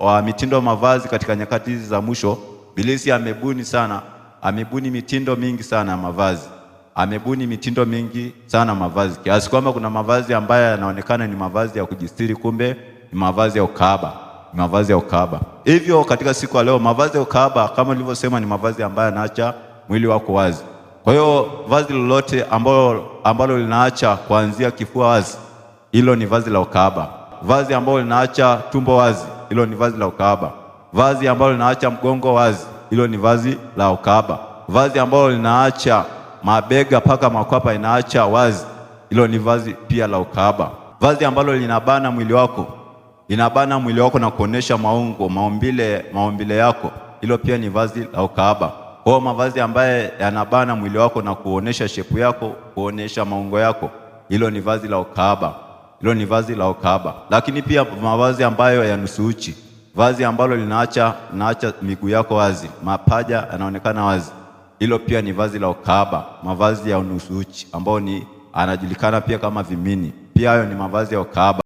wa mitindo ya mavazi katika nyakati hizi za mwisho, Bilisi amebuni sana, amebuni mitindo mingi sana ya mavazi, amebuni mitindo mingi sana mavazi, kiasi kwamba kuna mavazi ambayo yanaonekana ni mavazi ya kujistiri, kumbe ni mavazi ya ukahaba, ni mavazi ya ukahaba. Hivyo katika siku ya leo, mavazi ya ukahaba kama nilivyosema, ni mavazi ambayo yanaacha mwili wako wazi. Kwa hiyo vazi lolote ambalo, ambalo linaacha kuanzia kifua wazi, hilo ni vazi la ukahaba vazi ambalo linaacha tumbo wazi, hilo ni vazi la ukahaba. Vazi ambalo linaacha mgongo wazi, hilo ni vazi la ukahaba. Vazi ambalo linaacha mabega mpaka makwapa inaacha wazi, hilo ni vazi pia la ukahaba. Vazi ambalo linabana mwili wako, linabana mwili wako na kuonesha maungo, maumbile, maumbile yako, hilo pia ni vazi la ukahaba. Kwa mavazi ambaye yanabana mwili wako na kuonesha shepu yako, kuonesha maungo yako, hilo ni vazi la ukahaba hilo ni vazi la ukahaba, lakini pia mavazi ambayo ya uchi, vazi ambalo linaacha naacha miguu yako wazi, mapaja yanaonekana wazi, hilo pia ni vazi la ukahaba, mavazi ya unusu uchi ambao ni anajulikana pia kama vimini, pia hayo ni mavazi ya ukahaba.